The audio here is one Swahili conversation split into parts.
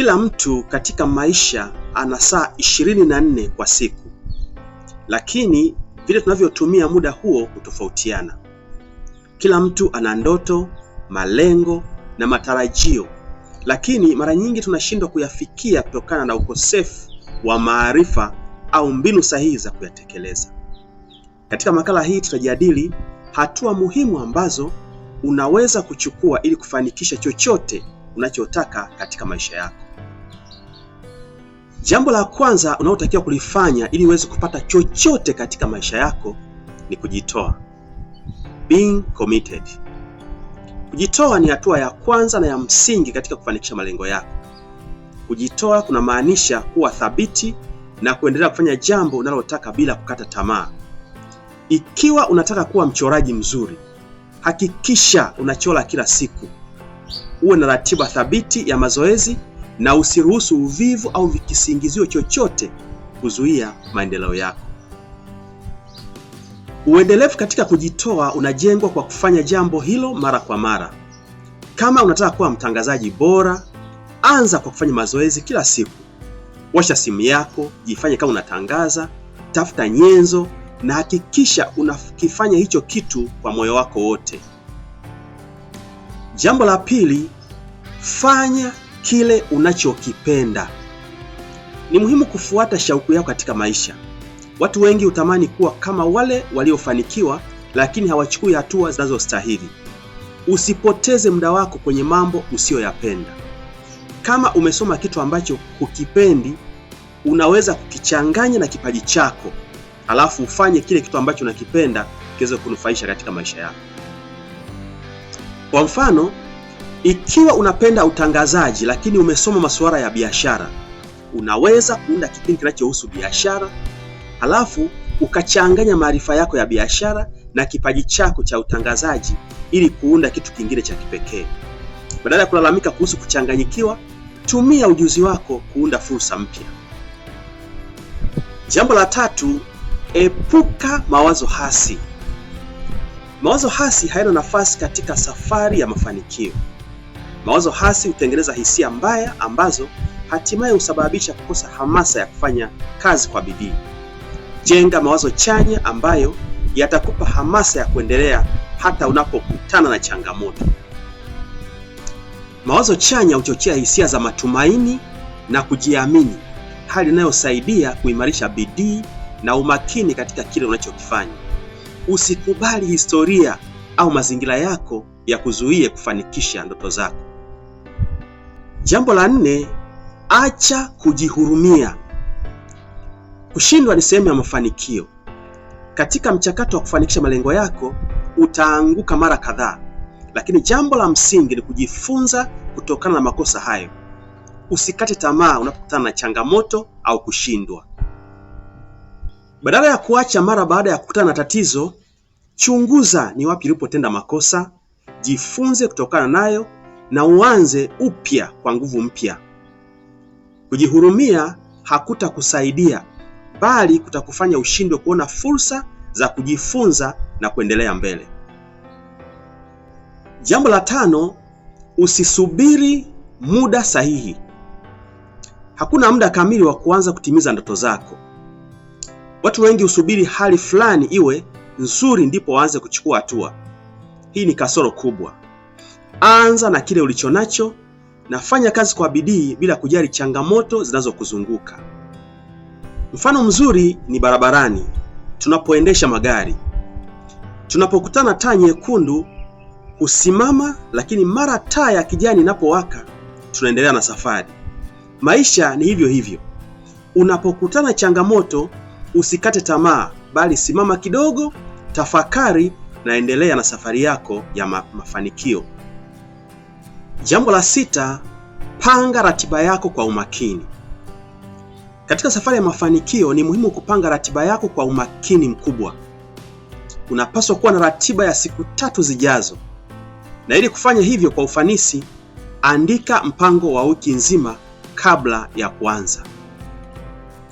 Kila mtu katika maisha ana saa 24 kwa siku, lakini vile tunavyotumia muda huo hutofautiana. Kila mtu ana ndoto, malengo na matarajio, lakini mara nyingi tunashindwa kuyafikia kutokana na ukosefu wa maarifa au mbinu sahihi za kuyatekeleza. Katika makala hii tutajadili hatua muhimu ambazo unaweza kuchukua ili kufanikisha chochote unachotaka katika maisha yako. Jambo la kwanza unaotakiwa kulifanya ili uweze kupata chochote katika maisha yako ni kujitoa, being committed. Kujitoa ni hatua ya kwanza na ya msingi katika kufanikisha malengo yako. Kujitoa kunamaanisha kuwa thabiti na kuendelea kufanya jambo unalotaka bila kukata tamaa. Ikiwa unataka kuwa mchoraji mzuri, hakikisha unachora kila siku, uwe na ratiba thabiti ya mazoezi na usiruhusu uvivu au kisingizio chochote kuzuia maendeleo yako. Uendelevu katika kujitoa unajengwa kwa kufanya jambo hilo mara kwa mara. Kama unataka kuwa mtangazaji bora, anza kwa kufanya mazoezi kila siku. Washa simu yako, jifanye kama unatangaza, tafuta nyenzo na hakikisha unakifanya hicho kitu kwa moyo wako wote. Jambo la pili, fanya kile unachokipenda. Ni muhimu kufuata shauku yako katika maisha. Watu wengi hutamani kuwa kama wale waliofanikiwa, lakini hawachukui hatua zinazostahili. Usipoteze muda wako kwenye mambo usiyoyapenda. Kama umesoma kitu ambacho hukipendi, unaweza kukichanganya na kipaji chako, alafu ufanye kile kitu ambacho unakipenda kiweze kunufaisha katika maisha yako. Kwa mfano ikiwa unapenda utangazaji lakini umesoma masuala ya biashara, unaweza kuunda kipindi kinachohusu biashara, halafu ukachanganya maarifa yako ya biashara na kipaji chako cha utangazaji ili kuunda kitu kingine cha kipekee. Badala ya kulalamika kuhusu kuchanganyikiwa, tumia ujuzi wako kuunda fursa mpya. Jambo la tatu, epuka mawazo hasi. Mawazo hasi hayana nafasi katika safari ya mafanikio. Mawazo hasi hutengeneza hisia mbaya ambazo hatimaye husababisha kukosa hamasa ya kufanya kazi kwa bidii. Jenga mawazo chanya ambayo yatakupa hamasa ya kuendelea hata unapokutana na changamoto. Mawazo chanya huchochea hisia za matumaini na kujiamini, hali inayosaidia kuimarisha bidii na umakini katika kile unachokifanya. Usikubali historia au mazingira yako ya kuzuie kufanikisha ndoto zako. Jambo la nne, acha kujihurumia. Kushindwa ni sehemu ya mafanikio. Katika mchakato wa kufanikisha malengo yako utaanguka mara kadhaa, lakini jambo la msingi ni kujifunza kutokana na makosa hayo. Usikate tamaa unapokutana na changamoto au kushindwa. Badala ya kuacha mara baada ya kukutana na tatizo, chunguza ni wapi ulipotenda makosa, jifunze kutokana nayo na uanze upya kwa nguvu mpya. Kujihurumia hakutakusaidia bali kutakufanya ushindwe kuona fursa za kujifunza na kuendelea mbele. Jambo la tano, usisubiri muda sahihi. Hakuna muda kamili wa kuanza kutimiza ndoto zako. Watu wengi husubiri hali fulani iwe nzuri ndipo waanze kuchukua hatua. Hii ni kasoro kubwa. Anza na kile ulicho nacho na fanya kazi kwa bidii bila kujali changamoto zinazokuzunguka. Mfano mzuri ni barabarani tunapoendesha magari. Tunapokutana taa nyekundu husimama, lakini mara taa ya kijani inapowaka tunaendelea na safari. Maisha ni hivyo hivyo. Unapokutana changamoto, usikate tamaa, bali simama kidogo, tafakari na endelea na safari yako ya ma mafanikio. Jambo la sita, panga ratiba yako kwa umakini. Katika safari ya mafanikio ni muhimu kupanga ratiba yako kwa umakini mkubwa. Unapaswa kuwa na ratiba ya siku tatu zijazo, na ili kufanya hivyo kwa ufanisi, andika mpango wa wiki nzima kabla ya kuanza.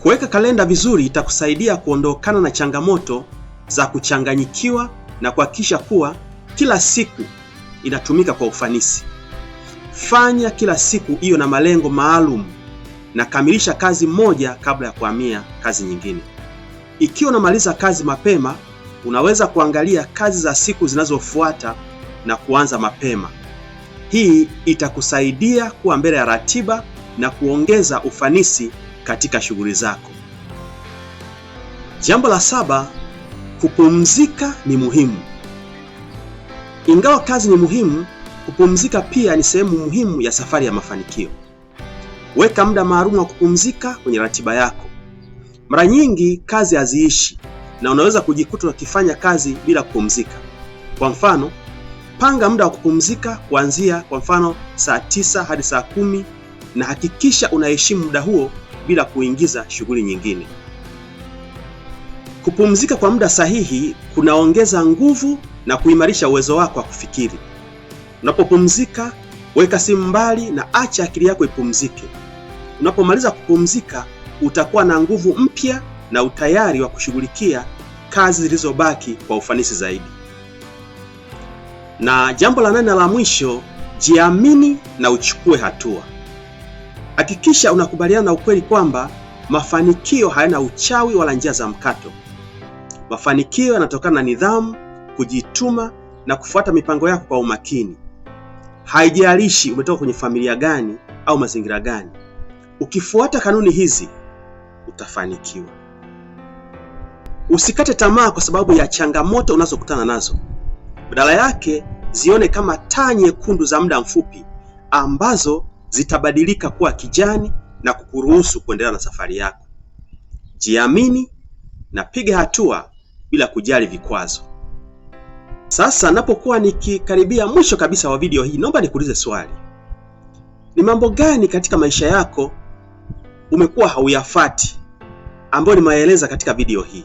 Kuweka kalenda vizuri itakusaidia kuondokana na changamoto za kuchanganyikiwa na kuhakikisha kuwa kila siku inatumika kwa ufanisi. Fanya kila siku iyo na malengo maalum na kamilisha kazi moja kabla ya kuhamia kazi nyingine. Ikiwa unamaliza kazi mapema, unaweza kuangalia kazi za siku zinazofuata na kuanza mapema. Hii itakusaidia kuwa mbele ya ratiba na kuongeza ufanisi katika shughuli zako. Jambo la saba, kupumzika ni muhimu. Ingawa kazi ni muhimu Kupumzika pia ni sehemu muhimu ya safari ya mafanikio. Weka muda maalum wa kupumzika kwenye ratiba yako. Mara nyingi kazi haziishi na unaweza kujikuta ukifanya kazi bila kupumzika. Kwa mfano, panga muda wa kupumzika kuanzia kwa mfano saa tisa hadi saa kumi na hakikisha unaheshimu muda huo bila kuingiza shughuli nyingine. Kupumzika kwa muda sahihi kunaongeza nguvu na kuimarisha uwezo wako wa kufikiri. Unapopumzika weka simu mbali na acha akili yako ipumzike. Unapomaliza kupumzika, utakuwa na nguvu mpya na utayari wa kushughulikia kazi zilizobaki kwa ufanisi zaidi. Na jambo la nane la mwisho, jiamini na uchukue hatua. Hakikisha unakubaliana na ukweli kwamba mafanikio hayana uchawi wala njia za mkato. Mafanikio yanatokana na nidhamu, kujituma na kufuata mipango yako kwa umakini. Haijalishi umetoka kwenye familia gani au mazingira gani, ukifuata kanuni hizi utafanikiwa. Usikate tamaa kwa sababu ya changamoto unazokutana nazo, badala yake zione kama taa nyekundu za muda mfupi ambazo zitabadilika kuwa kijani na kukuruhusu kuendelea na safari yako. Jiamini na piga hatua bila kujali vikwazo. Sasa napokuwa nikikaribia mwisho kabisa wa video hii, naomba nikuulize swali. Ni mambo gani katika maisha yako umekuwa hauyafati ambayo nimeeleza katika video hii?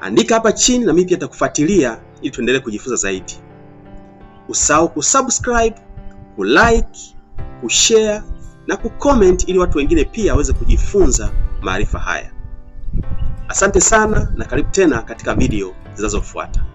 Andika hapa chini na mimi pia nitakufuatilia ili tuendelee kujifunza zaidi. Usahau kusubscribe, kulike, kushare na kucomment ili watu wengine pia waweze kujifunza maarifa haya. Asante sana na karibu tena katika video zinazofuata.